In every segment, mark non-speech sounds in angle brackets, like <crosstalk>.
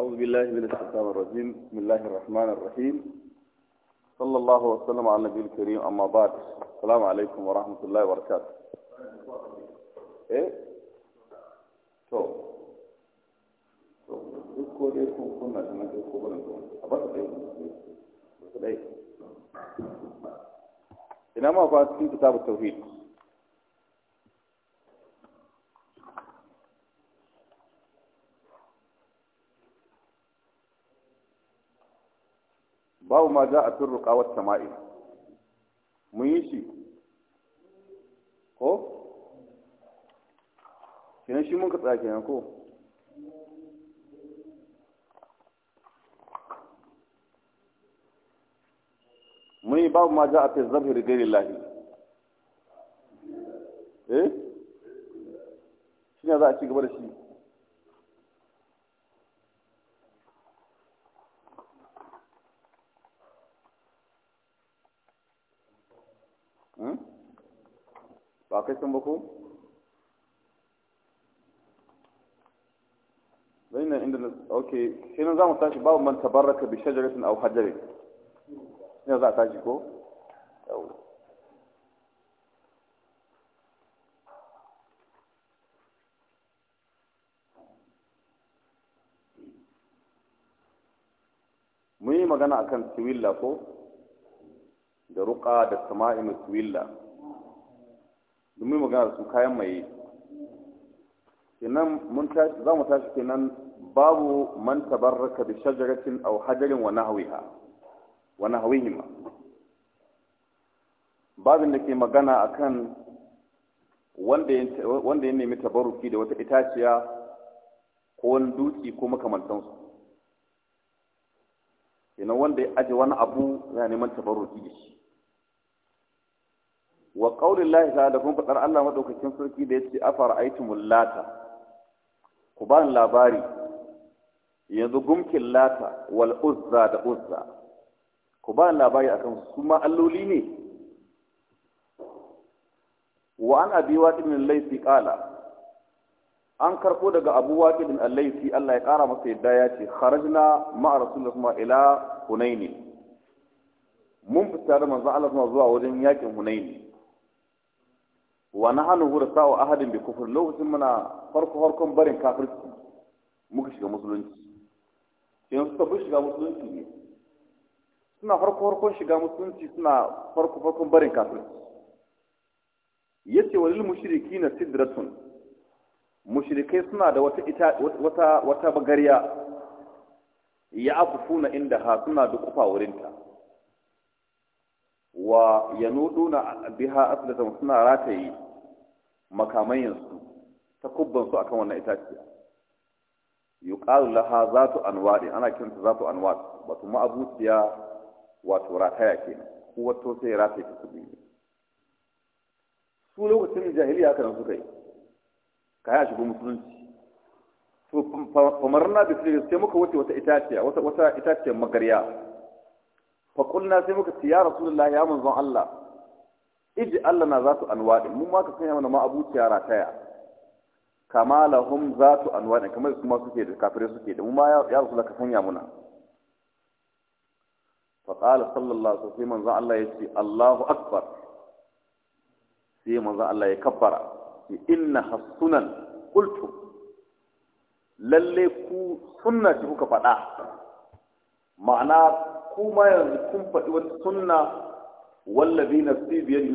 أعوذ بالله من الشيطان الرجيم بسم الله الرحمن الرحيم صلى الله وسلم على النبي الكريم أما بعد السلام عليكم ورحمة الله وبركاته إيه تو تو دكتور يكون كنا كنا دكتور أبدا إيه إنما فاتي كتاب التوحيد babu ma za a turruka wata sama'i mun yi shi ko kenan shi mun ka tsaki kenan ko mun yi babu ma za a fi da gairi lahi eh shi ne za a ci gaba da shi ba kai sun ba ko zai na inda ok shi nan za mu tashi babu man tabarraka bi shajaratin au hajarin ina za a tashi ko yau mun yi magana akan siwilla ko da ruƙa da sama'in siwilla domin magana su kayan maye kenan mun tashi za mu tashi kenan babu man tabarraka bi shajaratin aw hajarin wa nahwiha wa nahwihima babin da ke magana akan wanda ya wanda ya nemi tabarruki da wata itaciya ko wani dutse ko makamantansu kenan wanda ya aje wani abu yana neman tabarruki da shi wa qaulillahi ta'ala kun fadar Allah madaukakin sarki da yace afara'aytumul lata ku ba labari yanzu gumkin lata wal uzza da uzza ku ba labari akan su ma alloli ne wa an abi waqidin laifi qala an karko daga abu waqidin laifi Allah ya kara masa yadda ya ce kharajna ma'a rasulullahi ila hunaini mun fita da manzo Allah zuwa wajen yakin hunaini wa na nahanu hursa sa'o ahadin bi kufur lokacin muna farko farkon barin kafirci muka shiga musulunci in suka fi shiga musulunci ne suna farko farkon shiga musulunci suna farko farkon barin kafirci ce walil na sidratun mushrikai suna da wata ita wata wata bagariya ya na inda ha suna da kufa wurinta wa yanuduna biha aslatan suna rataye makamayansu ta kubbansu akan wannan itaciya yuqalu laha zatu anwadi ana kinta zatu anwad wato ma'abuciya wato rataya kenan ko wato sai rataye ta kubi su lokacin jahiliya haka nan suka yi ka ya shigo musulunci to famarna da sai muka wuce wata itaciya wata wata itaciyar magarya fa kunna sai muka ce ya rasulullahi ya manzon Allah iji Allah na zatu anwaɗi. mun ma ka sanya mana ma abuciya rataya kama lahum zatu anwaɗi. kamar kuma suke da kafirai suke da Mun ma ya rasulullahi ka sanya muna fa sallallahu alaihi wasallam manzon Allah yace Allahu akbar sai manzon Allah ya kabbara inna hasunan qultu lalle ku sunna ce kuka faɗa ma'ana kuma yanzu kun faɗi wata sunna wallazi nafsi biyadi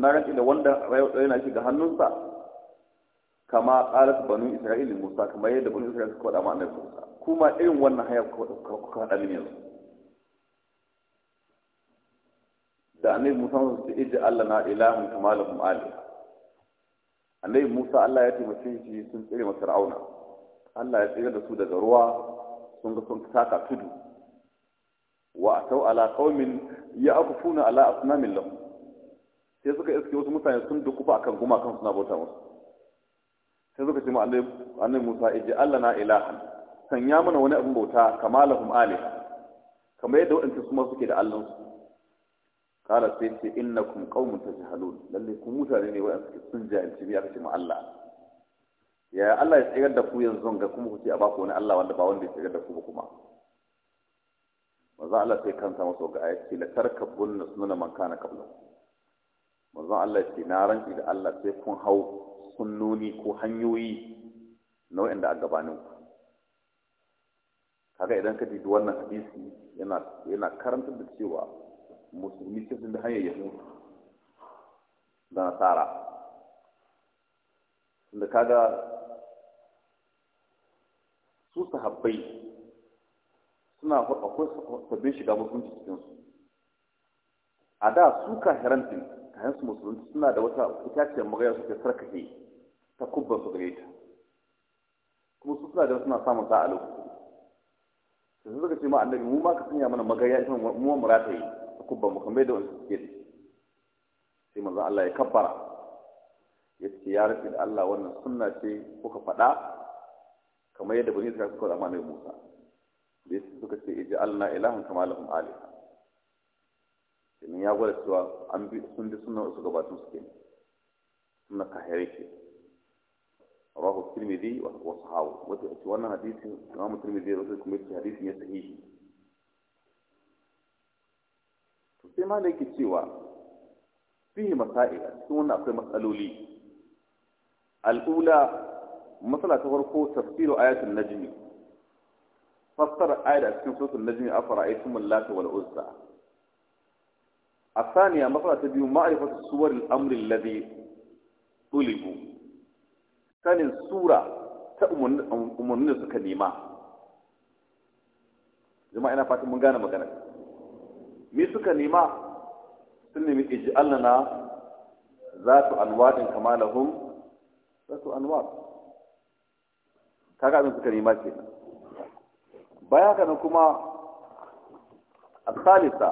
na rantsi da wanda rayuwa yana shiga hannunsa kama ƙarasa banu isra'ili musa kamar yadda banu isra'ili suka faɗa ma'anar musa kuma irin wannan hanyar kuka haɗa min yanzu da annai musa su iji Allah na ilahun kama kuma aliha annai musa Allah ya taimake shi sun tsire masarauna Allah ya tsira da su daga ruwa sun ga sun taka tudu wa atau ala qaumin ya'kufuna ala asnamin lahum sai suka iske wasu mutane sun fa akan kan suna bauta musu sai suka ce ma annabi Musa ije Allah na ilahan sanya mana wani abin bauta kamalahum lahum alih kamar yadda wadanda su ma suke da Allah su kala sai ce innakum qaumun tajhalun lalle ku mutane ne wadanda suke sun jahilci bi aka ce ma Allah ya Allah ya tsigar da ku yanzu ga kuma ku ce a ba ku wani Allah wanda ba wanda ya tsigar da ku ba kuma manzo Allah sai kansa masu ga ayat ce la tarkabun nasuna man kana qabla manzo Allah ce na ranki da Allah sai kun hau sunnoni ko hanyoyi na wanda a gabanin ku kaga idan ka dubi wannan hadisi yana yana karantar da cewa musulmi cikin da hanyar yahudu da nasara tunda kaga su sahabbai suna akwai sabbin shiga musulunci cikinsu a da su ka din kayan su musulunci suna da wata itaciyar magana suke sarkake ta kubban su gare ta kuma su suna da suna samun sa a lokacin sai suka ce ma annabi mu ma ka sanya mana magaya ita mu mu rata yi ta kubban mu kamar da wani suke da sai manzon Allah ya kabbara ya ce ya rufe da Allah wannan sunna ce kuka faɗa kamar yadda bani Isra'ila suka zama Musa da suka ce iji alna ilahun kama lahum aliha domin ya gwada cewa an bi sun bi sunan wasu gabatun su ke suna kahare ke rahu tirmidhi wa sahawu wata ce wannan hadisin imamu tirmidhi da wasu kuma ce hadisin ya sahihi to sai ma da yake cewa fihi masa'ila cikin wannan akwai matsaloli al'ula matsala ta farko tafsiru ayatul najmi fassara ayat a cikin suratul najmi afara'aytum allata wal uzza الثانية مسألة تبيو معرفة صور الأمر الذي طلبوا ثاني الصورة تأمن سكنيما جماعة أنا فاتح من غانا مكانا مي سكنيما سنمي اجعلنا ذات أنوار كما لهم ذات أنوار كاكا أبن سكنيما كينا baya kana kuma al-salisa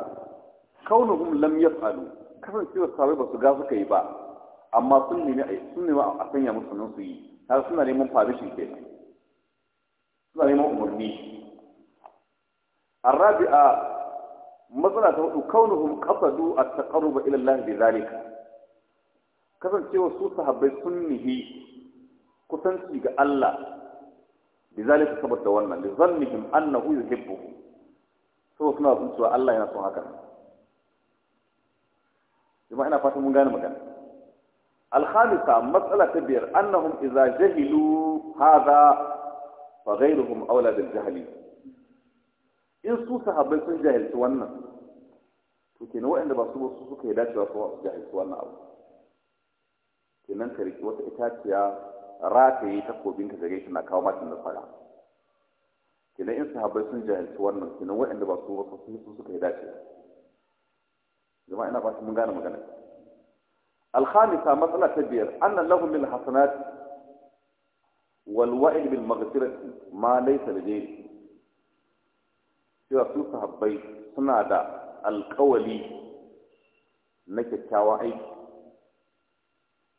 kaunuhum lam yaf'alu kasancewar sabai ba su ga suka yi ba amma sun nemi a sun nemi a sanya musu nan su yi har suna neman permission ke suna neman umarni Rabi'a, matsala ta hudu kaunuhum qasadu at-taqarruba ila Allah bi zalika Kasancewar su sahabbai sun nihi kusanci ga Allah لذلك saboda wannan lizannihim annahu yuhibbuhum so suna sun cewa Allah yana son haka kuma ina fatan mun gane magana al-khamisa mas'ala ta biyar annahum idza jahilu hadha fa ghayruhum awla bil jahli in su sahabbai sun jahilci wannan to kenan waɗanda ba su su suka yi dacewa su jahilci wannan abu kenan ka riki wata itaciya rataye takobin ka gare shi na kawo mata nasara kenan in sahabbai sun jahilci wannan kenan waɗanda ba su ba su su suka yi dace jama'a ina ba su mun gane magana ta matsala الخامسة مسألة كبيرة أن لهم من الحسنات والوعد بالمغفرة ما ليس لغيره cewa su sahabbai suna da alkawali na kyakkyawan aiki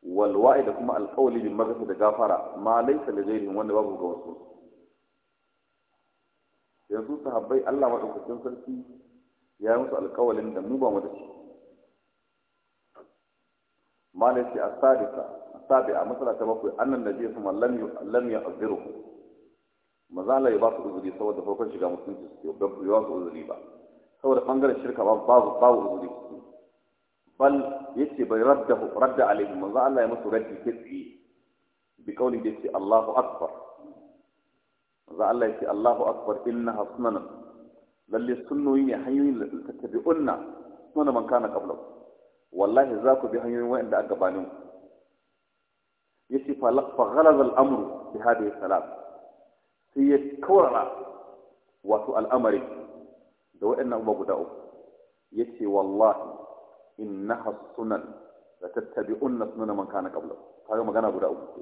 walwa'i da kuma alƙawali bin magasa da gafara ma laisa da zairin wanda babu ga wasu yanzu sahabbai Allah maɗaukakin sarki ya yi musu alƙawalin da mu ba mu da shi ma ce a sadisa a sabi a masala ta bakwai annan da zai kuma lam ya aziru maza Allah ya ba su uzuri saboda farkon shiga musulunci su ba su uzuri ba saboda ɓangaren shirka babu uzuri bal yace bai radda radda alaihi manzo Allah ya musu raddi kitsi bi kauli da yace Allahu akbar manzo Allah yace Allahu akbar innaha sunan lalle sunnoyi ne hanyoyin da tattabi'unna sunan man kana qabla wallahi za ku bi hanyoyin wa'anda aka gabanin yace fa laqfa ghalaza al-amru bi hadhihi salat sai ya kawara wato al'amari da wa'annan uba guda uku yace wallahi innaha sunan la 'unna sunana man kana qabla kaga magana guda uku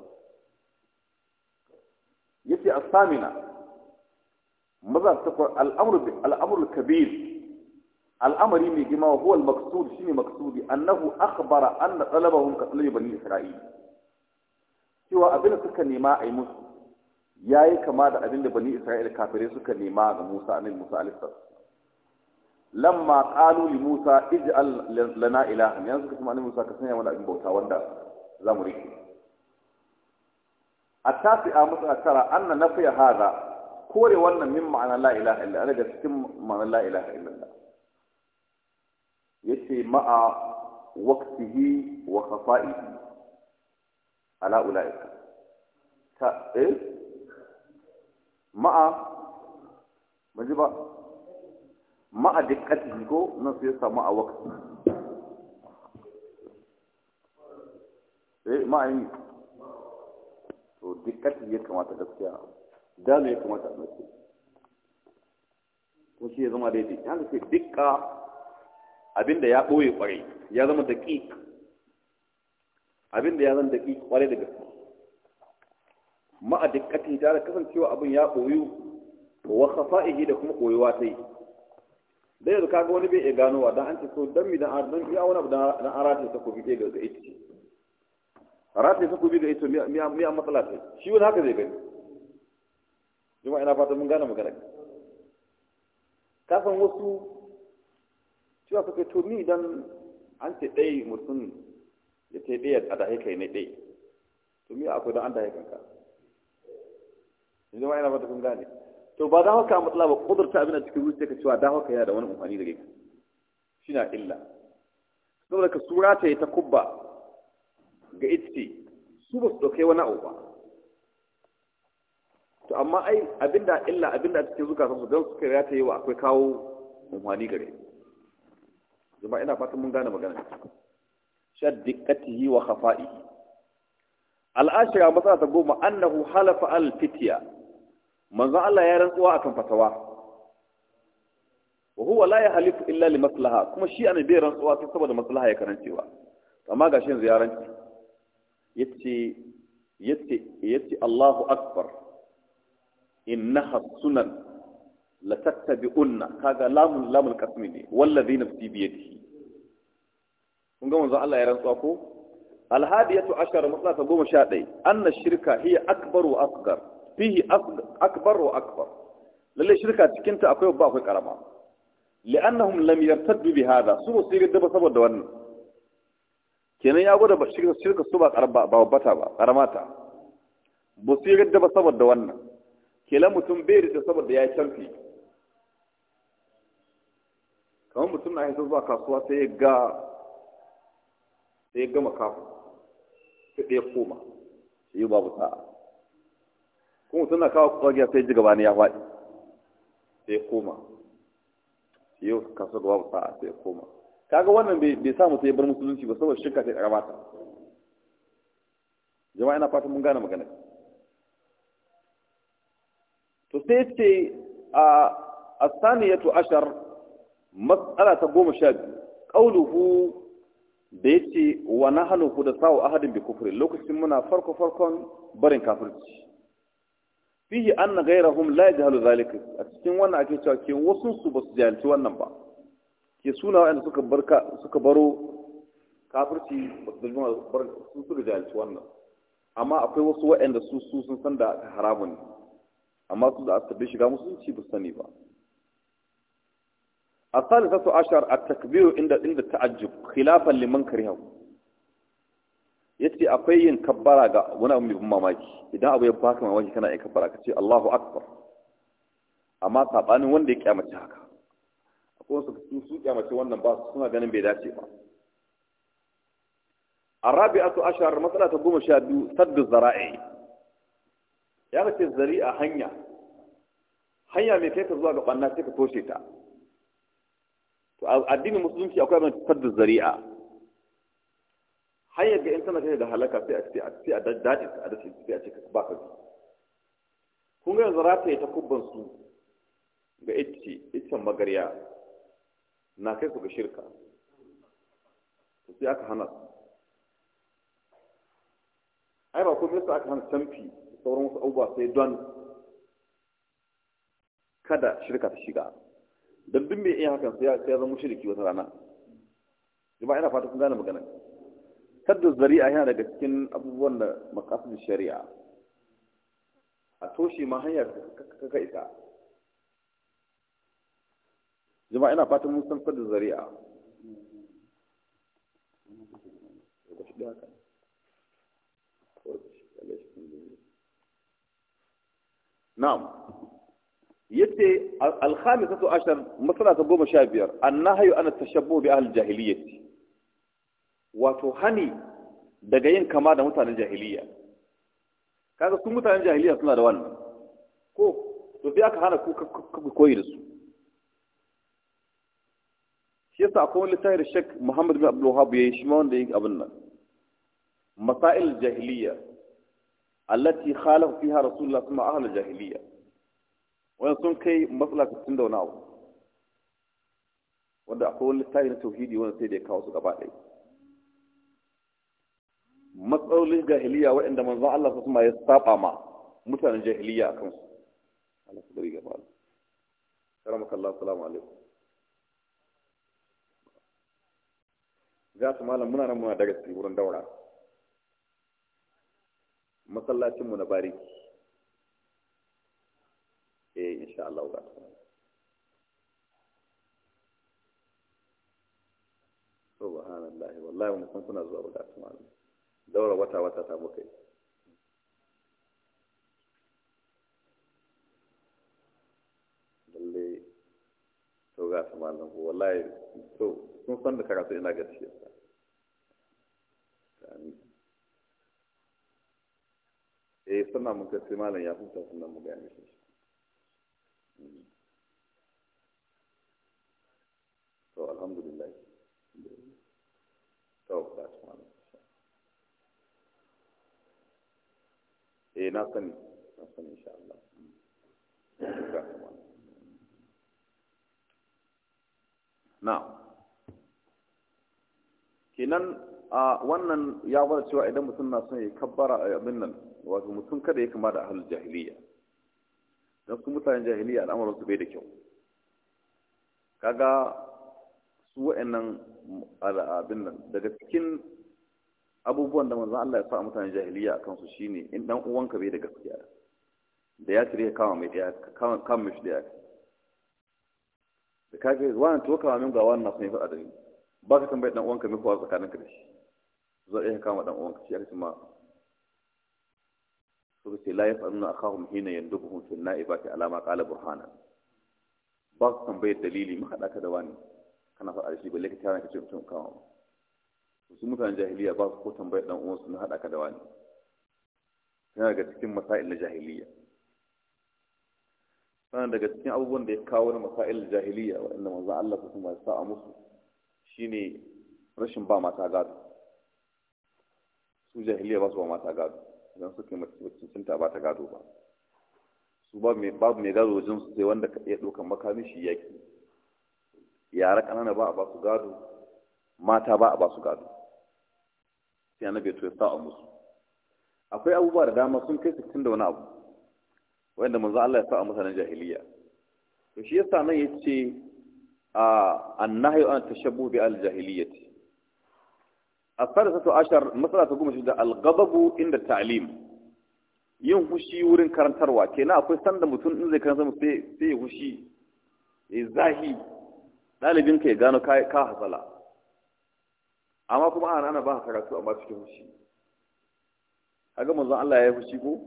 yace asamina maza takwa al'amru al'amru kabir al'amari mai gima wa huwa al-maqsud shine maqsudi annahu akhbara anna talabahum ka talabi bani isra'il cewa abin da suka nema a yi musu ya yi kama da abin da bani isra'il kafirai suka nema ga Musa annabi Musa alaihi lamma qalu li musa ij'al lana ilahan yanzu kuma annabi musa ka sanya mana abin bauta wanda za mu rike atafi a musa tara anna nafiya hada kore wannan min ma'ana la ilaha illa daga cikin ma'ana la ilaha illa Allah yace ma'a waqtihi wa khafa'ihi ala ta eh ma'a ma'a dikkatihi ko nan sai ya samu a wakati eh ma'a to dikkatihi ya kamata gaskiya dalu ya kamata a mace ko shi ya zama daidai ya ce dikka abinda ya ɓoye ƙwarai ya zama daƙiƙ abinda ya zama daƙiƙ ƙwarai da gaske ma'a dikkatihi tare kasancewa abin ya ɓoyu wa khafa'ihi da kuma ɓoyuwa ta yi da yanzu kaga wani bai iya ganowa dan an ce so dan mi dan an dan iya wani abu dan an rataye ta kofi ɗaya ga ita rataye ta kofi ga ita mi an matsala talata shi wani haka zai gani kuma ina fata mun gane magana ka san wasu cewa suka to ni dan an ce ɗaya mutum ya ce ɗaya a da haka ne ɗaya to mi akwai dan an da dahe kanka jama'a ina fata mun gane to ba dawo ka matsala ba kudurta abin da cikin wuce ka cewa da haka yana da wani amfani da gaske shi na illa saboda ka sura ta yi ta kubba ga itse su ba su ɗauke wani abu ba to amma ai abinda illa abinda cikin zuka sun su don suka ya ta yi wa akwai kawo amfani gare jama'a ina fatan mun gane magana shaddikatihi wa khafa'ihi al matsala ta goma annahu halafa al-fitya manzon Allah ya rantsuwa akan fatawa wa huwa la yahlifu illa li maslaha kuma shi annabi bai rantsuwa sai saboda maslaha ya karancewa amma gashi yanzu ya rantsi yace yace yace Allahu akbar innaha sunan la tattabi'unna kaga lamun lamul qasmi ne wallazi nafsi bi yadihi kun ga manzon Allah ya rantsuwa ko alhadiyatu ashara maslaha 11 anna shirka hiya akbar wa asghar fihi akbar wa akbar lalle shirka cikin ta akwai babba akwai karama li'annahum lam yartaddu bi hada su ba su yarda ba saboda wannan kenan ya gwada ba shirka shirka su ba karba ba babbata ba karamata ba su yarda ba saboda wannan kelan mutum bai yarda saboda ya yi canfi kamar mutum na haifar zuwa kasuwa sai ya ga sai ya gama kafa sai ya koma sai babu sa'a kuma suna kawo kwagiya sai ji gaba ne ya faɗi sai koma yau kaso gaba ba sa'a sai koma kaga wannan bai sa mutum ya bar musulunci ba saboda shirka sai karamata jama'a ina fatan mun gane magana to sai ce a asaniyatu ashar matsala ta goma sha biyu qauluhu da ce wa na nahnu kuda sa'u ahadin bi kufri lokacin muna farko farkon barin kafirci fihi anna ghayrahum la yajhalu zalika a cikin wannan ake cewa ke wasu su basu jahilci wannan ba ke suna wa'anda suka barka suka baro kafirci su suka jahilci wannan amma akwai wasu wa'anda su su sun san da haramun amma su da asabi shiga musu ci ba sani ba الثالثة عشر takbiru inda عند التعجب khilafan liman كرهه ya ce akwai yin kabbara ga wani abu mai mamaki idan abu ya baka mamaki kana yin kabbara ka ce Allahu Akbar amma sabanin wanda ya kyamace haka akwai wasu su su kyamace wannan ba su suna ganin bai dace ba arabi'atu ashar matsala ta goma sha biyu saddu zara'i ya zari zari'a hanya hanya mai kai ka zuwa ga ɓanna sai ka toshe ta to addinin musulunci akwai abin saddu zari'a har yadda in tana kai da halaka sai a ce a ce a daddace a dace sai a ce ba ka kun ga yanzu rataye ta kubban su ga ita ita magarya na kai su ga shirka sai aka hana su ai ba komai su aka hana canfi sauran wasu abubuwa sai don kada shirka ta shiga don bin mai iya hakan sai ya zama shirki wata rana jama'a ina fata sun gane magana سد الزريعة هنا لكن أبو ون مقاصد الشريعة أتوشي ما هي كيسا جماعة أنا فاتم مسلم سد الزريعة نعم يتي الخامسة عشر مثلا تقوم شابير النهي أن التشبه بأهل الجاهلية wato hani daga yin kama da mutanen jahiliya kaga sun mutanen jahiliya suna da wannan ko to sai aka hana ku koyi da su shi yasa akwai wani littafi da Sheikh Muhammad bin Abdul Wahhab yayi shi ma wanda yake abin nan masail jahiliya allati khalafa fiha rasulullah kuma ahlul jahiliya wannan sun kai matsala tun da wani abu wanda akwai wani littafi na tauhidi wanda sai da ya kawo su gaba ɗaya matsalolin jahiliya waɗanda manzon Allah su kuma ya saba ma mutanen jahiliya akan su Allah su bari gaba Allah karamaka Allah salamu alaikum Ga su malam muna nan muna daga wurin daura masallacinmu na bari. eh insha Allah za ta subhanallahi wallahi mun san kuna zuwa buƙatun malam daura wata wata ta muka yi lalle to ga ta malam wallahi to sun san da karatu ina gaskiya eh suna muka sai malam ya huta sannan mu gane shi hmm. to alhamdulillah eh na sani na sani insha Allah na kenan a wannan ya bada cewa idan mutum na son ya kabbara a eh, abin nan wato mutum kada ya kama da ahlul jahiliya don su mutanen jahiliya al'amuran su bai da kyau kaga su wa'annan abin nan daga cikin abubuwan da manzan Allah ya sa mutane jahiliya a kansu shine in dan uwanka bai da gaskiya da ya tare kama mai da kama kama mai daya da kage wannan to kama min ga wannan sun faɗa da ni ba ka tambayi dan uwanka mai kowa tsakanin ka da shi zo ɗaya kama dan uwanka shi aka ma su ce la yaf'aluna akhahum hina yandubuhum fil na'ibati ala alama qala burhana ba ka tambayi dalili mu haɗa ka da wani kana faɗa da shi balle ka tana ka ce mutum kama su mutanen jahiliya ba su ko tambayar dan su na haɗa ka da wani yana daga cikin masail na jahiliya sannan daga cikin abubuwan da ya kawo na masail jahiliya waɗanda manzo Allah su kuma sa a musu shine rashin ba mata gado su jahiliya ba su ba mata gado idan suka yi mace ba ta gado ba su babu mai gado wajen su sai wanda ka iya ɗaukar makami shi yaki yara ƙanana ba a ba su gado mata ba a ba su gado sai bai to ya sa a musu akwai abubuwa da dama sun kai sittin da wani abu wanda manzo Allah ya sa a mutanen jahiliya to shi yasa nan yace a annahi an tashabbu bi al-jahiliyyati ta عشر shi da al ghadabu inda ta'lim yin hushi wurin karantarwa kenan akwai sanda mutum in zai karanta sai sai hushi ya zahi dalibin ka ya gano ka hasala amma kuma ana ana ba karatu amma cikin fushi ga manzon Allah ya yi fushi ko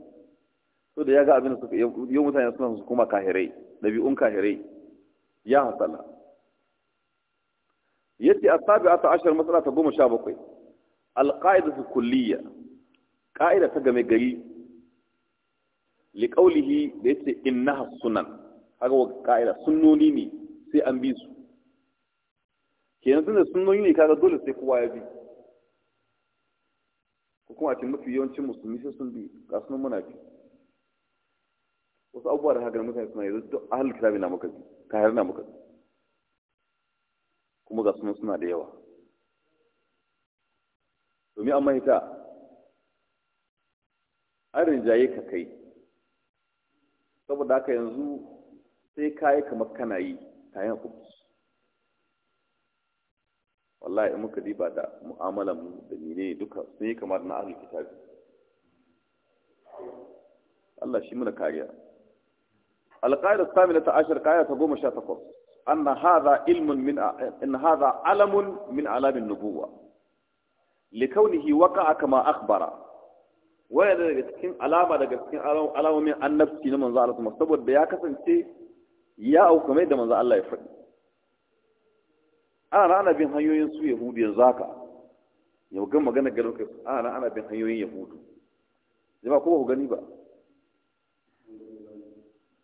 to da ya ga abin da suka yi mutane suna su kuma kahirai dabi'un kahirai ya hasala a as ashar mas'ala ta goma sha bakwai al su kulliya. qa'ida ta game gari li qawlihi da yace inna sunan kaga wa qa'ida sunnoni ne sai an bi su ke yanzu da sunnoni ne kaga dole sai kowa ya bi ko kuma a ce mafi yawancin musulmi sai sun bi ga sunan muna bi wasu abubuwa da haka mutane suna yanzu duk ahal kitabi na muka bi kahir na muka bi kuma ga sunan suna da yawa domin amma ita an rinjaye ka kai saboda haka yanzu sai kayi kamar kana yi kayan hukunci Allah ya muka riba da mu'amalan mu da ne duka sun kamar na ahli kitabi Allah shi muna kariya alqaida ta ashar kaya ta goma sha takwas an na haza ilmin alamun min alamin nubuwa likaunihi waka aka ma akbara waya daga cikin alama daga cikin alamomin annabci na manzo Allah saboda ya kasance ya auka mai da manzo Allah ya faɗi ana ana bin hanyoyin su yahudu yanzu haka yau gan magana garin kai ana ana bin hanyoyin yahudu jama kuma ku gani ba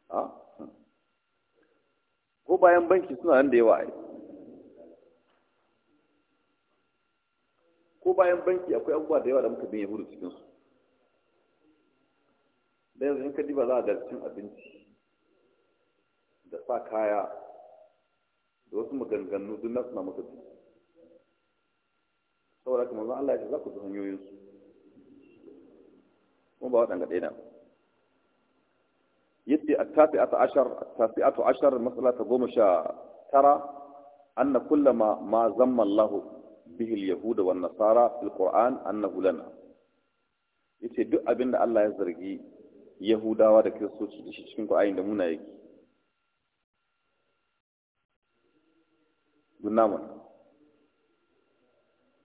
a ko bayan banki suna nan da yawa ai ko bayan banki akwai abubuwa da yawa da muka bin yahudu cikin su da yanzu in ka diba za a cin abinci da sa kaya da wasu maganganu duk nasu na maka su saboda haka manzon Allah ya ce za ku bi hanyoyin su kuma ba waɗanda ɗaya ne yadda a tafi ata ashar tafi ata ashar matsala ta goma sha tara an na kulla ma zamma Allah bihil yahuda wa nasara fil qur'an annahu lana yace duk abinda Allah ya zargi yahudawa da kristoci da shi cikin ku ayin da muna yake duk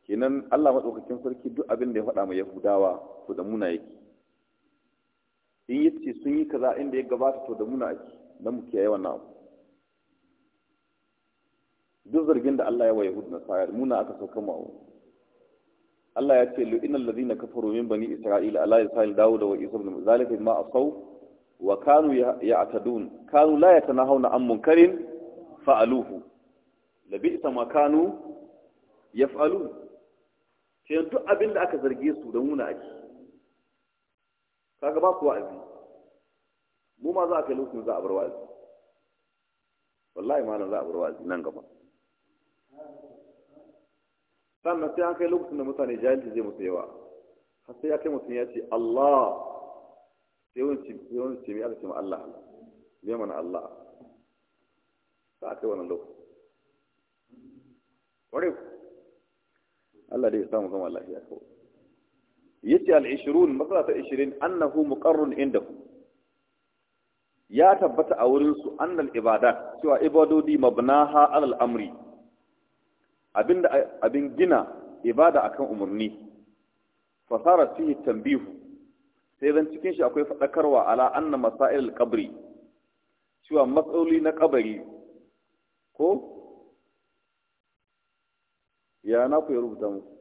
kenan Allah maɗaukakin sarki duk abin da ya faɗa mai Yahudawa to da muna yake in yi ce sun yi kaza inda ya gabata to da muna ake don mu kiyaye wannan abu duk zargin da Allah ya wa Yahudu sayar muna aka sauka mu Allah ya ce lu'ina allazina kafaru min bani isra'ila ala dawo da wa Isra'il, zalika ma asaw wa kanu ya'tadun kanu la yatanahawna an munkarin fa'aluhu labisa makanu yaf'alun ce duk abin da aka zarge su da muna aiki kaga ba ku wa'azi mu ma za a kai lokacin za a bar wa'azi wallahi malam za a bar wa'azi nan gaba sannan sai an kai lokacin da mutane jahilci zai musu yawa har sai ya kai mutum ya ce Allah sai wani ce mai aka ce ma Allah Allah mana Allah za a kai wannan lokacin ƙwarai Allah dai lafiya kawai yace al matsala ta 20 annahu muqarrun ku. ya tabbata a wurin su annal ibadat cewa ibadodi mabnaha alal amri abin gina ibada akan umarni fasara fihi tanbihu sai zan cikin shi akwai faɗakarwa ala anna masail al-qabri cewa matsaloli na kabari ko ya na ku ya rubuta muku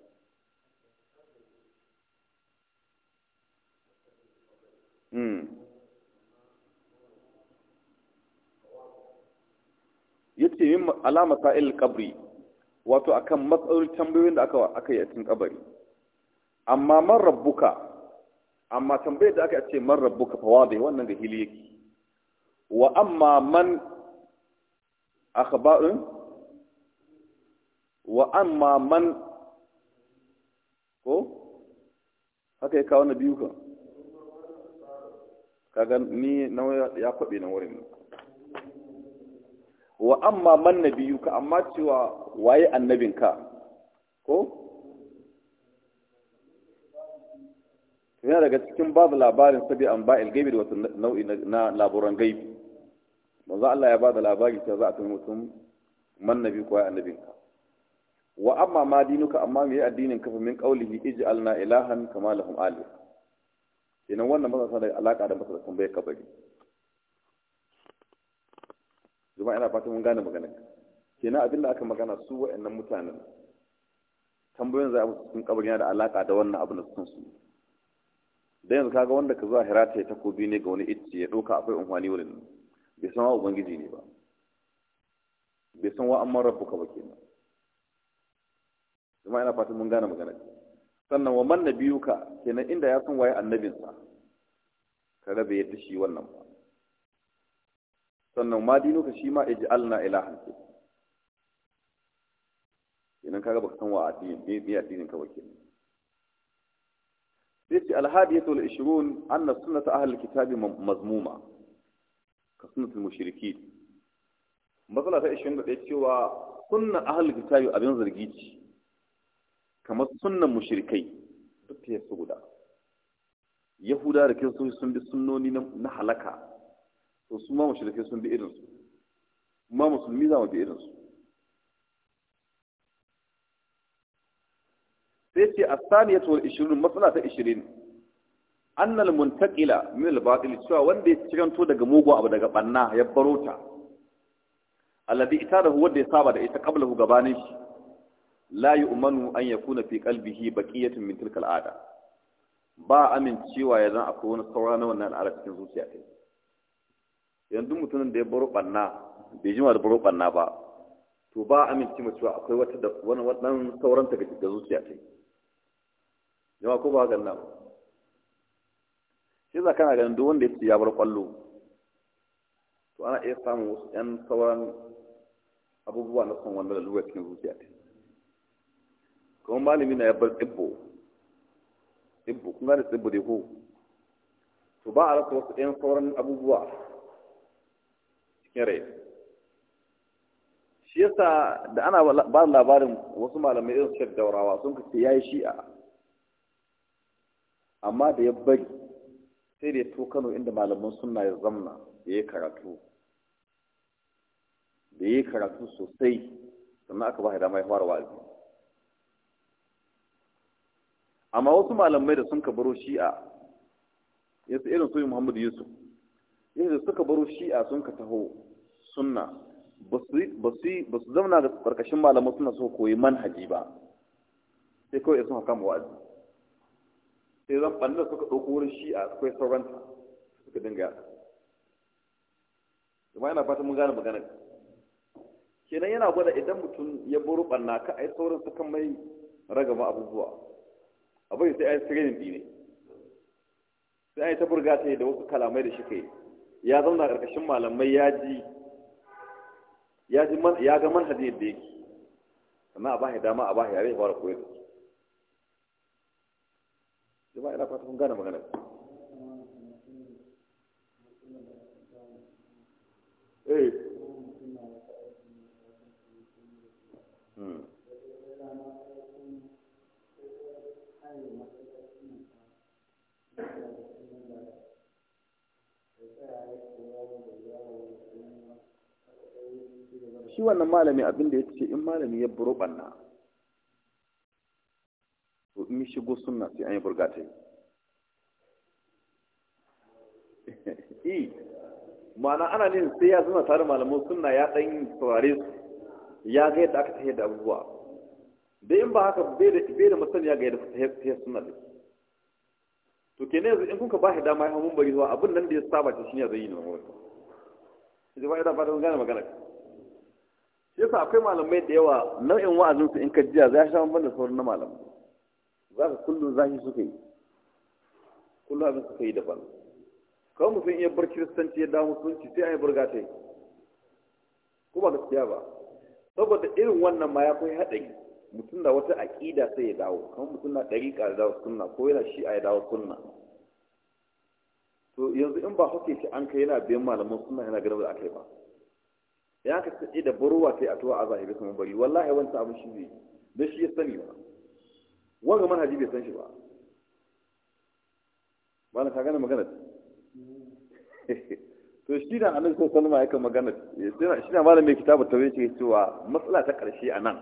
hmm. ya ce yin alama sa'il kabri wato akan matsayin tambayoyin da aka yi a cikin kabari amma man rabbuka amma tambayar da aka ce man rabbuka fa wa dai wannan ga hili yake wa amma man akhbarun wa amma man ko haka ya kawo na biyu kan kaga ni na ya kwabe na wurin wa amma man nabiyu ka amma cewa waye annabin ka, ko yana daga cikin babu labarin sabi an ba ilgaibi da wasu nau'i na laburan gaibi manzo Allah ya ba da labari cewa za a tuni mutum man nabi ko annabin annabinka wa amma ma dinuka amma me addinin ka min qaulihi ij'alna ilahan kama lahum ali kenan wannan ba sa da alaka da masa tambayar kabari zuma ina fatan mun gane magana kenan abinda aka magana su wa'annan mutanen tambayoyin za a musu sun kabari da alaka da wannan abin da sun su da yanzu kaga wanda ka zuwa hirata ya takobi ne ga wani icce ya doka akwai unhwani wurin bai san wa ubangiji ne ba bai san wa amma rabbuka ba kenan kuma ina fatan mun gane magana sannan wa man nabiyuka kenan inda ya san waye annabinsa kaga bai yadda shi wannan ba sannan ma dinuka shi ma ij'alna ilahan ke kenan kaga baka san wa ne me addinin ka wake sai ce alhadiyatu al-ishrun anna sunnata ahli kitabi mazmuma ka sunnatul mushrikin matsala ta 21 cewa sunna ahli kitabi abin zargi ce kamar sunnan mushrikai duk ya su guda yahuda da kiristoci sun bi sunnoni na halaka to su ma mushrikai sun bi irinsu ma musulmi za mu bi irinsu sai ce a saniya tuwar ishirin matsala ta ishirin annal muntakila min al-batil cewa wanda ya ciranto daga mugu abu daga banna ya baro ta alladhi itadahu wanda ya saba da ita qablahu gabanin shi la yu'manu an yakuna fi qalbihi baqiyatun min tilka al'ada ba amincewa ya zan akwai wani saura na wannan al'ada cikin zuciya ta yanzu mutumin da ya baro banna bai jima da baro banna ba to ba amince cewa akwai wata da wani wannan sauran ta ga zuciya ta yawa ko ba ganna shi za kana ganin duk wanda ya ce ya bar kwallo to ana iya samun wasu 'yan sauran abubuwa na son wanda da lura cikin zuciya ta kuma malami na ya bar tsibbo tsibbo kuma da tsibbo dai ko to ba a rasa wasu ɗan sauran abubuwa cikin rai shi yasa da ana ba labarin wasu malamai irin shek daurawa sun kace ya yi shi'a amma da ya bari sai da ya to kano inda malaman suna ya zamna da ya karatu da ya karatu sosai sannan aka ba shi dama ya fara wa'azi amma wasu malamai da sun kabaro baro shi'a yasu irin soyi muhammad yusuf yadda suka baro shi'a sun ka taho suna ba su zama da karkashin malamai suna so koyi manhaji ba sai kawai sun haka mawazi sai zan ɓanda suka ɗauko wurin shi'a su kai sauranta suka dinga yada kuma yana fata mun gane maganar kenan yana gwada idan mutum ya buru ɓanna ka a yi saurin kan mai ragama abubuwa abin sai a yi training ne sai a yi ta burga ta da wasu kalamai da shi kai ya zauna ƙarƙashin malamai ya ji ya ji ya ga manhaji yadda yake sannan a ba shi dama a ba shi yare ya fara koyar da jama'a ina fata kun gane magana shi wannan malami abin da ya ce in malami ya buro banna to in shigo sunna sai an yi burgatai i <laughs> eh, ma'ana ana nin sai ya suna tare malamin sunna ya ɗan saurare su ya ga yadda aka tahiyar da abubuwa da in ba haka bai da masaniya ga yadda tahiyar sunna da to ke ne in kuka ba shi dama ya hamun bari zuwa abin nan da ya saba ta shi ne zai yi na mawai. Ita ba da ba ta gane magana ka. yasa akwai malamai da yawa nau'in su in ka jiya za sha samun da sauran na malamai za ka kullum zahi suka yi kullum abin suka yi daban kawai mutum iya bar kiristanci ya dawo musulunci sai a yi bar ta yi ba gaskiya ba saboda irin wannan ma ya kai haɗari mutum da wata aƙida sai ya dawo kamar mutum na ɗari ƙari dawo sunna ko yana shi a ya dawo sunna to yanzu in ba hukunci shi an kai yana biyan malamin sunna yana ganin da aka yi ba ya ka tsaye da barowa sai a tuwa a zahibi kuma bari wallahi wani abin shi ne da shi ya sani ba wanga manhaji bai san shi ba ba na kagana magana <laughs> to shi da anan ko ya kan magana shi da malamin kitabu tawhid yake cewa matsala ta karshe a nan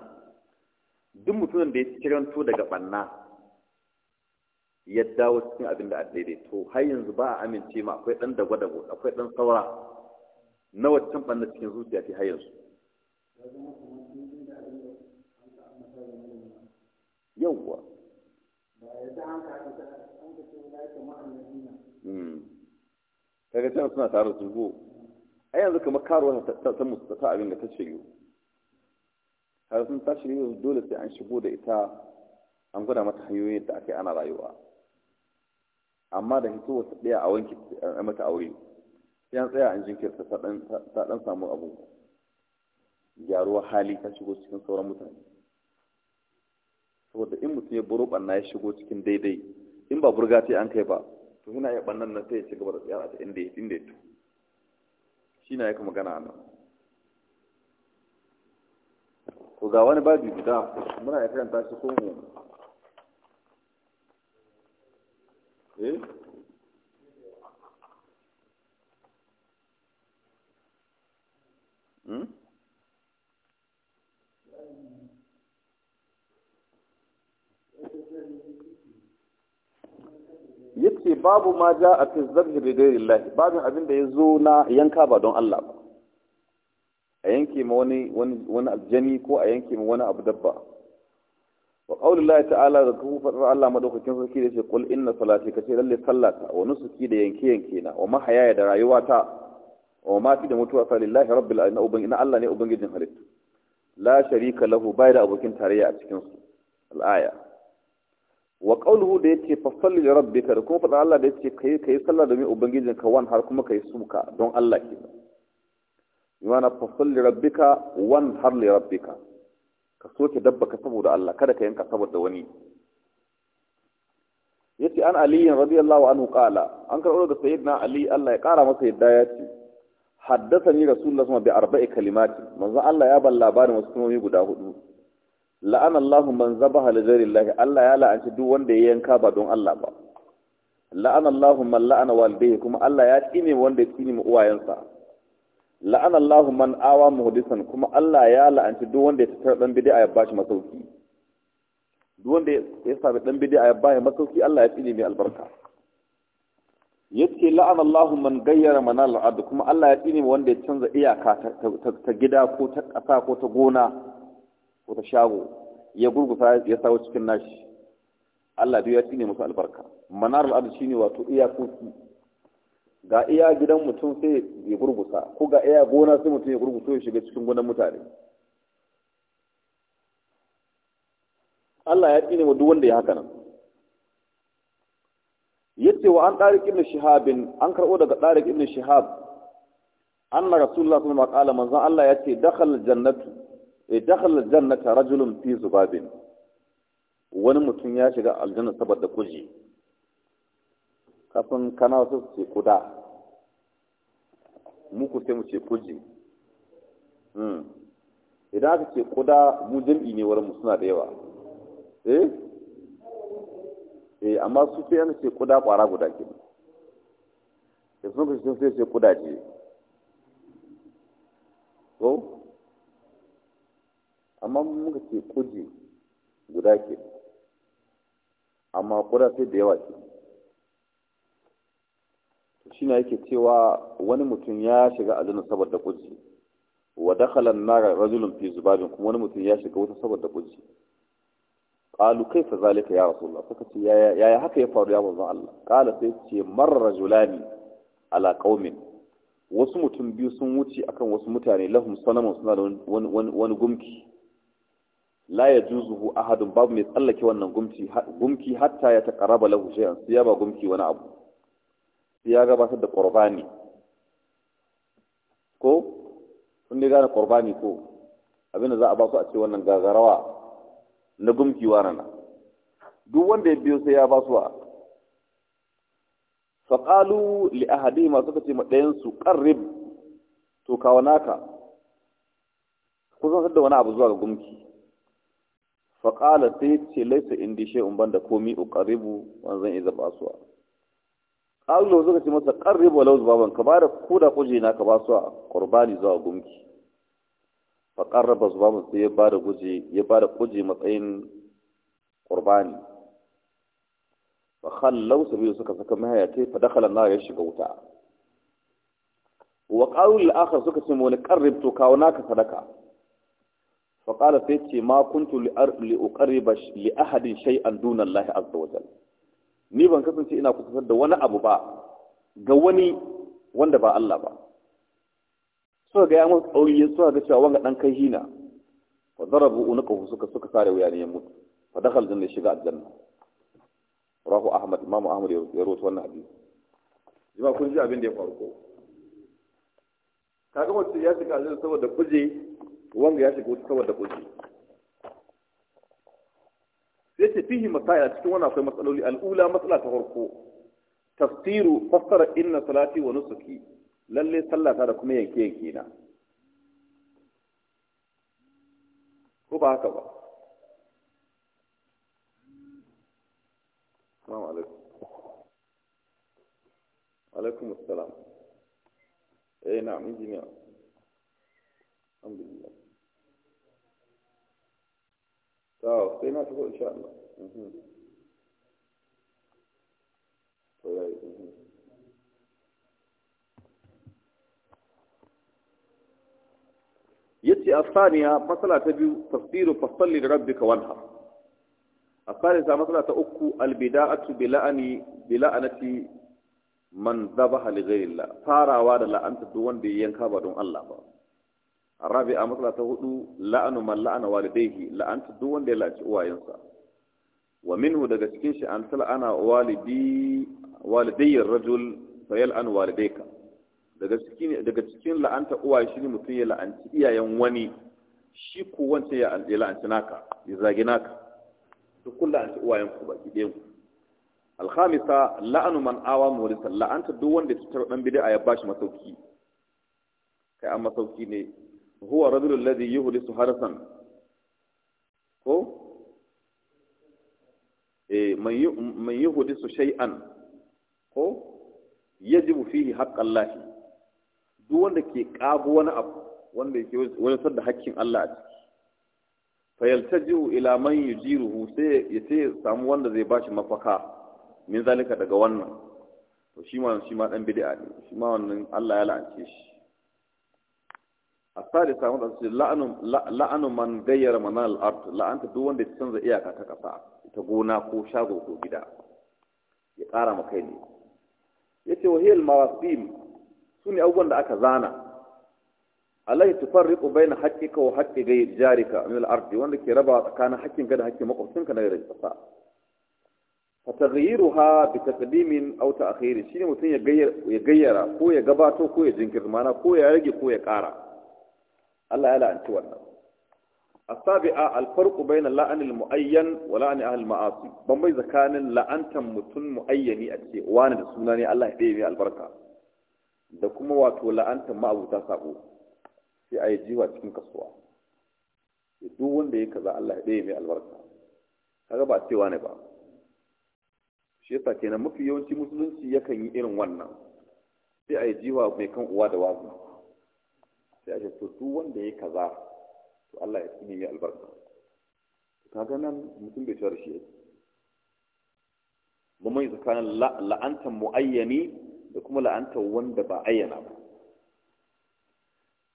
duk mutumin da ya kiranto daga banna ya dawo cikin abin da a daidaito har yanzu ba a amince ma akwai dan dagwadago akwai dan saura na waccan ɓanna cikin zuciya ta hayar su yawwa hmm. kaga can suna tare su go a yanzu kamar karuwa ta musu ta abin da ta shiryu har sun ta shiryu dole sai an shigo da ita an gwada mata hanyoyin da aka yi ana rayuwa amma da hito wata ɗaya a wanke a mata aure sai an tsaya an jinkirta ta ɗan samu abu gyaruwa hali ta shigo cikin sauran mutane saboda in mutum ya buru banna ya shigo cikin daidai in ba burga ta an kai ba to yana ya bannan nan sai ya ci gaba da tsaya ta inda ya inda ya to shi na yaka magana a nan to ga wani babu guda muna ya karanta shi ko mu eh Hmm? yace babu ma ja a fi zabhi da ghairi Allah babin abin da ya zo na yanka ba don Allah ba a yanke ma wani wani aljani ko a yanke ma wani abu dabba wa qawli Allah ta'ala da kuma fadar Allah maɗaukakin sarki da yace ina inna salati ce lalle sallata wa nusuki da yanke yanke na wa mahayaya da rayuwata wa ma fi da mutuwa fa lillahi rabbil alamin ubangi ina Allah ne ubangijin halittu la sharika lahu bai da abokin tarayya a cikin su al'aya. aya wa qawluhu da yace fa salli li rabbika da kuma fadan Allah da yace kai kai sallah domin ubangijin ka wan har kuma kai sumka don Allah ke yana fa salli rabbika wan har li rabbika ka soke dabbaka saboda Allah kada ka yanka saboda wani yace an aliyin radiyallahu anhu qala an karɓo daga sayyidina ali Allah ya kara masa yadda ya ce haddasani rasulullah sama bi arba'i kalimati manzon Allah ya ban labarin wasu kalmomi guda hudu la'ana Allahu man zabaha li ghairillahi Allah ya la'anci duk wanda ya yanka ba don Allah ba la'ana Allahu man la'ana walidayhi kuma Allah ya tsine wanda ya tsine uwayensa la'ana Allahu man awa muhdisan kuma Allah ya la'anci duk wanda ya tsara dan bid'a ya bashi masauki duk wanda ya sami dan bid'a ya bashi masauki Allah ya tsine mai albarka yace la'an Allahu man gayyara manal al'adu kuma Allah ya tsine wanda ya canza iyaka ta gida ko ta ƙasa ko ta gona ko ta shago ya gurgusa ya sawo cikin nashi Allah duk ya tsine musu albarka manar al'adu shine wato iyakoki ga iya gidan mutum sai ya gurgusa ko ga iya gona sai mutum ya gurgusa ya shiga cikin gonan mutane Allah ya tsine wa duk wanda ya haka nan yace wa an ɗarik ibn shihabin an karɓo daga ɗarik ibn shihab anna rasulullah sallallahu alaihi wasallam manzon Allah yace dakhal jannatu eh dakhal jannata rajulun fi zubabin wani mutum ya shiga aljanna saboda kuji kafin kana wasu ce kuda muku sai mu ce kuji hmm. idan aka ce kuda mu jam'i ne wurin mu suna da yawa eh eh amma su sai yana ce kuda kwara guda ke da sun kashe sai ce kuda ce ko amma muka ce kudi guda ke amma kuda sai da yawa ke shi ne yake cewa wani mutum ya shiga aljanna saboda kuji wa dakhala an-nar rajulun fi zubabin kuma wani mutum ya shiga wata saboda kuji qalu kaifa zalika ya rasulullah suka ce yaya haka ya faru ya manzon Allah qala sai ce mar rajulani ala qaumin wasu mutum biyu sun wuce akan wasu mutane lahum sanamun suna da wani gumki la ya juzuhu ahadun babu mai tsallake wannan gumki hatta ya taqarraba lahu shay'an sai ya ba gumki wani abu sai ya gabatar da qurbani ko kun dai gane qurbani ko abinda za a ba su a ce wannan gagarawa na gumki warana duk wanda ya biyo sai ya ba su wa faƙalu li ahadihima suka ce maɗayansu ƙarrib to kawo naka kusan da wani abu zuwa ga gumki faƙala sai ce laisa indi shay'un banda komi uqarribu wanzan iza basuwa Allah suka ce masa qarribu walau zubaban ka da koda kuje na ka wa qurbani zuwa gumki Faƙarraba qarraba sai ya bada guje ya bada kuje matsayin qurbani fa khallau sabiyu suka saka mahayate fa dakhala na ya shiga wuta wa qawl akhar suka ce wani qarrib to kawo naka sadaka fa qala sai ce ma kuntu li uqarriba li ahadin shay'an duna Allah azza wa ni ban kasance ina kusantar da wani abu ba ga wani wanda ba Allah ba suka ga ya mutu tsauri suka ga cewa wanga dan kai hina fa darabu unqahu suka suka sare wuya ne ya mutu fa dakhal janna shiga aljanna rahu ahmad imam ahmad ya rawaito wannan hadisi jima kun ji abin da ya faru ko kaga wacce ya shiga aljanna saboda kuje wanga ya shiga saboda kuje sai ce fihi masaya cikin wannan akwai matsaloli al'ula matsala ta farko tafsiru fassara inna salati wa nusuki lalle sallata da kuma yanke yanke na ko ba haka ba salamu alaikum alaikum assalam eh na'am injiniya alhamdulillah to sai na tafi insha Allah to yayi yace asaniya matsala ta biyu tafsiru fasalli da rabbika wanha a matsala ta uku albida'atu bila'ani bila'anati man dhabaha li ghayrillah farawa da la'anta duk wanda ya yanka ba don Allah ba arabi'a matsala ta hudu la'anu man la'ana walidayhi la'anta duk wanda ya laci uwayensa wa minhu daga cikin shi an tal'ana walidi walidayir rajul fayal'an walidayka daga cikin la'anta uwa shi ne mutum ya la'anci iyayen wani shi ko wance ya la'anci naka ya zage naka duk kun la'anci uwa yanku ba ki ku alhamisa la'anu man awa murisa la'anta duk wanda ya ɗan dan a ya bashi masauki kai an masauki ne huwa yi ladhi su harsan. ko eh man yuhdisu shay'an ko yajibu fihi haqqallahi duk wanda ke ƙago wani abu wanda yake wani da hakkin Allah a ciki fayaltaji'u ila man yujiruhu sai ya ce samu wanda zai bashi mafaka min zalika daga wannan to shi ma shi ma dan bid'a ne shi ma wannan Allah ya la'ance shi asali samu da su la'anu la'anu man gayyara manan al-ard la'anta duk wanda ya canza iyaka ta kasa ta gona ko shago ko gida ya ƙara maka ne yace wahil marasim su ne abubuwan da aka zana Allah ya tufarriqu na haqqika wa haqqi ghayri jarika min al-ardi wanda ke raba tsakanin haƙƙin haƙƙinka da haƙƙin makwabcinka na garin ƙasa fa taghyiruha bi taqdimin aw ta'khir shine mutum ya gayyara ya gayyara ko ya gabato ko ya jinkirta mana ko ya rage ko ya ƙara Allah ya la'anci wannan A la'anil wa la'anil الفرق بين لعن المؤين ولعن أهل المعاصي بمبي زكان لعنتم متن مؤيني أتي وانا سناني الله يهديه albarka. da kuma wato la'antar ma'abuta sako sai a yi jiwa cikin kasuwa duk wanda ya kaza Allah ya ɗaya mai albarka kaga ba cewa ne ba shi yasa kenan mafi yawanci musulunci yakan yi irin wannan sai a yi jiwa mai kan uwa da wazu sai a shafi duk wanda ya kaza to Allah ya tsini mai albarka kaga nan mutum bai shi yake ba mai tsakanin la'antar mu'ayyani da kuma la'antar wanda ba ayyana ba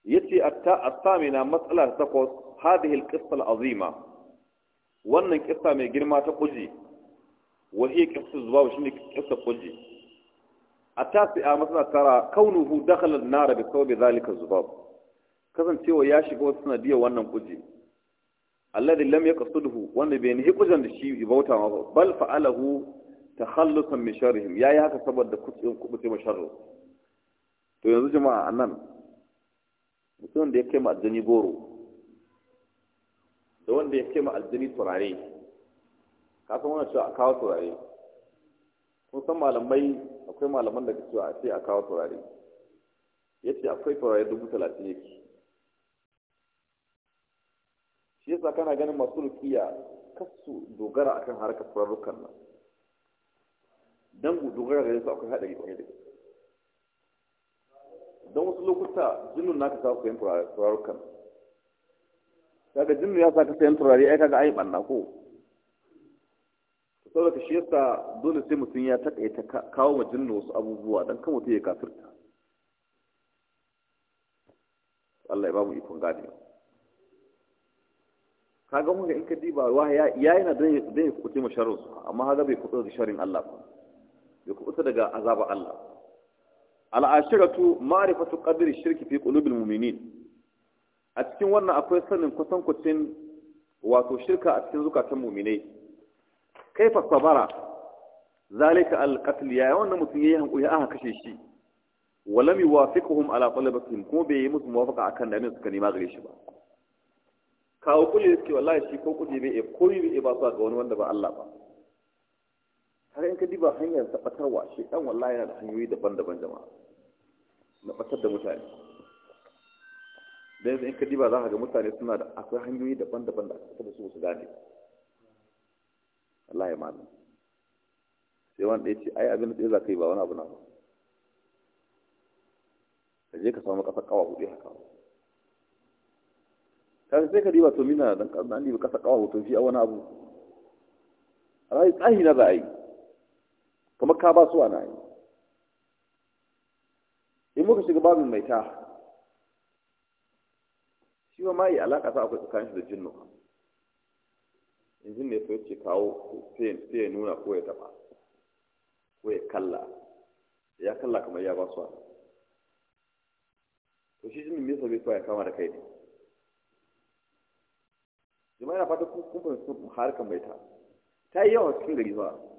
yace at-samina matsala takwas hadhihi al-qissa azima wannan kissa mai girma ta kuji wa hiya qissa zuwa shine qissa kuji at-tasi'a matsala tara kaunuhu dakhala an-nar bi sababi zalika zubab kasancewa ya shiga wata sanadiyar wannan kuji alladhi lam yaqsidhu wanda bai nihi kujan da shi bauta ma bal fa'alahu takhallusan min sharrihim yayi haka saboda kutsin kubuce ma sharru to yanzu jama'a nan. mutum da ya kai aljani goro da wanda ya kai aljani turare ka san wannan cewa a kawo turare kun san malamai akwai malaman da cewa a ce a kawo turare ya ce akwai turare dubu talatin yake shi yasa kana ganin masu rukiya kasu dogara akan harkar turarrukan nan dan dogara gare su akwai haɗari kwarai da gaske don wasu lokuta jinnun naka sa ku yin turarukan kaga jinnu ya sa ka sayan turare ai kaga ai banna ko saboda shi yasa dole sai mutum ya takaita kawo ma jinnu wasu abubuwa dan kan mutum ya kafirta Allah ya ba mu ikon gane kaga mun ga in ka diba wahaya yayi na dan ya dan ma sharar su, amma haga bai kuce da sharrin Allah ba ya kubuta daga azabar Allah al'ashiratu ma'rifatu qadri shirki fi qulubil mu'minin a cikin wannan akwai sanin kwatankwacin wato shirka a cikin zukatan mu'minai kaifa sabara zalika al-qatl ya wannan mutum yayi hankuri aka kashe shi walam yuwafiquhum ala talabatihim kuma bai yi musu muwafaqa akan da suka nema gare shi ba kawo kulli yake wallahi shi ko kudi bai ko yi bai ba su ga wani wanda ba Allah ba har in ka diba hanyar tabbatarwa shi dan wallahi yana da hanyoyi daban-daban jama'a na batar da mutane dan in ka diba za ka ga mutane suna da akwai hanyoyi daban-daban da aka da su su gane wallahi ya malu sai wanda ya ce ai abin da za ka yi ba wani abu na ba ka je ka samu ƙasa kawa hudu haka ka sai ka diba to mina dan ƙasa an diba ƙasa ƙawa hudu fi a wani abu a rayu tsahi na za a yi kamar ka ba su wa yi. in muka shiga babin mai ta shi ma yi alaƙa ta akwai tsakanin shi da jinnu in jinnu ya so ce kawo sai ya nuna ko ya taɓa ko ya kalla ya kalla kamar ya ba su wa to shi jinnu me yasa bai ya kama da kai ne jama'a na fata kun fahimci harkar mai ta ta yi yawan cikin gari ba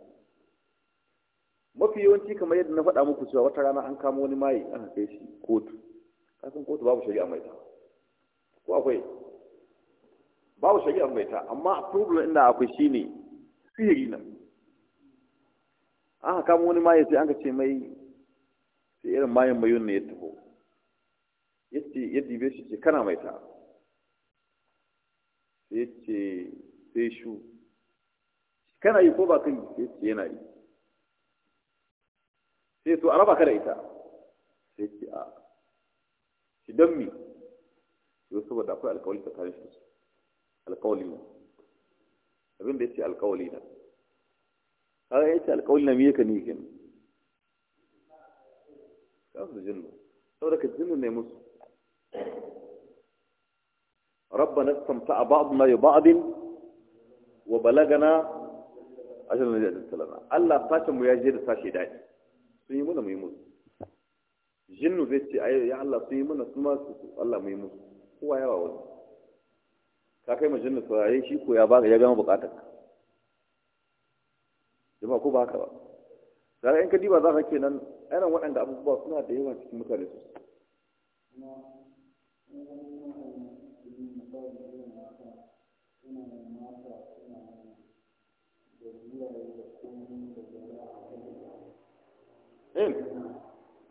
mafi yawanci kamar yadda na faɗa muku cewa wata rana an kama wani maye aka kai shi kotu kasan kotu babu shari'a mai ta ko akwai babu shari'a mai ta amma problem inda akwai shine sihiri na aka kama wani maye sai an ka ce mai sai irin mayan mayun ne ya taho yace ya bai shi ce kana mai ta sai ce sai shu kana yi ko ba kai sai yana yi sai so a raba ka da ita sai ce a shi don mi yau saboda akwai alkawali tsakanin shi alkawali na abin da ya ce alkawali na har ya ce alkawali na miye ka ni kenan jinnu saboda ka jinnu ne musu ربنا استمتع بعضنا ببعض وبلغنا أجلنا جاء السلام الله sun yi muna mu yi musu jinnu zai ce ai ya Allah sun yi muna su su Allah mu yi musu kowa yawa wani ka kai ma jinnu saurare shi ko ya baka ya gama bukatar ka jama'a ko ba haka ba sai in ka diba za ka nan ainihin waɗanda abubuwa suna da yawa cikin mutane su Thank you.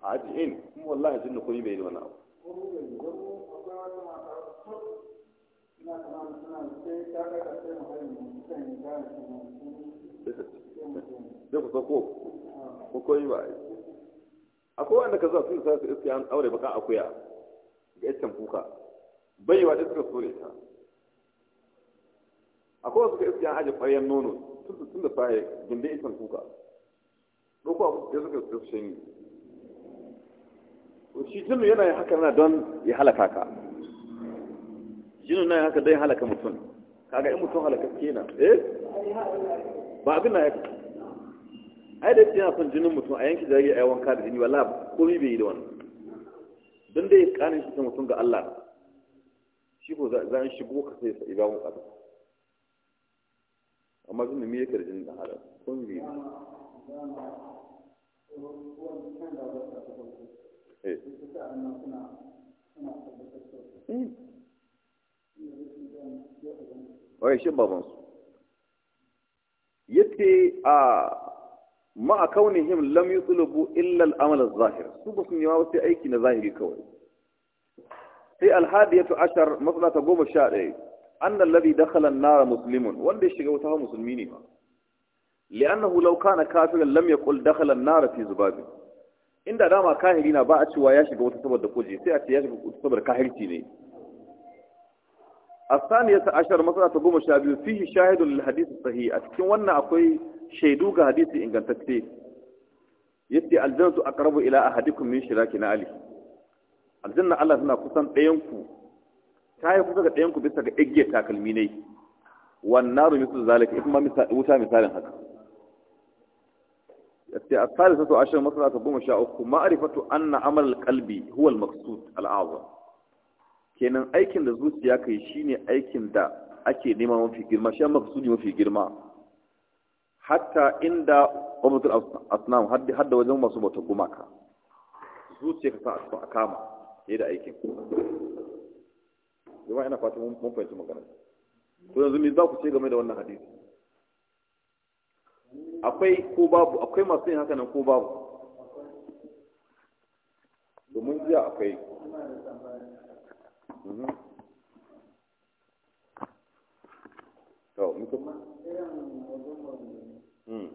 a ajin kuma wallahi jin da kuma bai yi wani abu sai ku sako ko koyi ba akwai wanda ka zuwa sun sa su iska an aure baka akuya ga iccen kuka baiwa da suka sore ta akwai wasu ka iska an aje ƙwaryen nono tun da faye gindin iccen kuka ɗauko abu da suka shanyi shi jinnu yana yin haka na don ya halaka ka jinnu na yin haka don ya halaka mutum kaga in mutum halakakke na eh ba abin na ya ai da yana son jinin mutum a yanki jariri a yawan ka da jini wala komi bai yi da wani don dai ya shi shi mutum ga Allah shi ko za a shigo ka sai sa ibawun ƙasa amma zan mai yake da jinin da halar kun biyu Eh. wai shi babansu yace a ma'a kaunihim lam yi illa illal amalar zahir su ba su nema sai aiki na zahiri kawai sai Alhadi ya ashar matsala ta goma sha ɗaya annal ladhi dakhala an nara musulmin wanda ya shiga wuta musulmi ne ma li'annahu law kana kafiran lam ya kul an nara fi zubabin. inda dama kahiri na ba a cewa ya shiga wata saboda kuje sai a ce ya shiga wata saboda kahirci ne a saniya ashirar masana ta goma sha biyu fihi shahidun hadisi sahi a cikin wannan akwai shaidu ga hadisi ingantacce yadda aljanna a karbu ila a hadikun min shiraki na ali aljanna allah suna kusan ɗayanku. ta yi kusa ga ɗayanku bisa ga igiyar takalmi ne wannan rumisu zalika ita ma wuta misalin haka sai a a ashir masana ta goma sha uku ma'arifatu an na amal kalbi huwal maksud al'azwa kenan aikin da zuciya kai shine aikin da ake nema mafi girma shi maksudi mafi girma hatta inda umatul asnam hadda wajen masu bauta gumaka zuciya ka sa a kama ne da aikin jama'a ina fatan mun fahimci magana to yanzu ne za ku ce game da wannan hadisi akwai ko babu akwai masu yin haka nan ko babu domin jiya akwai mhm. to mm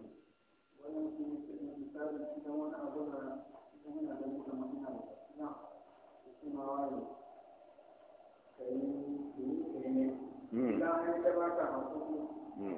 Mm.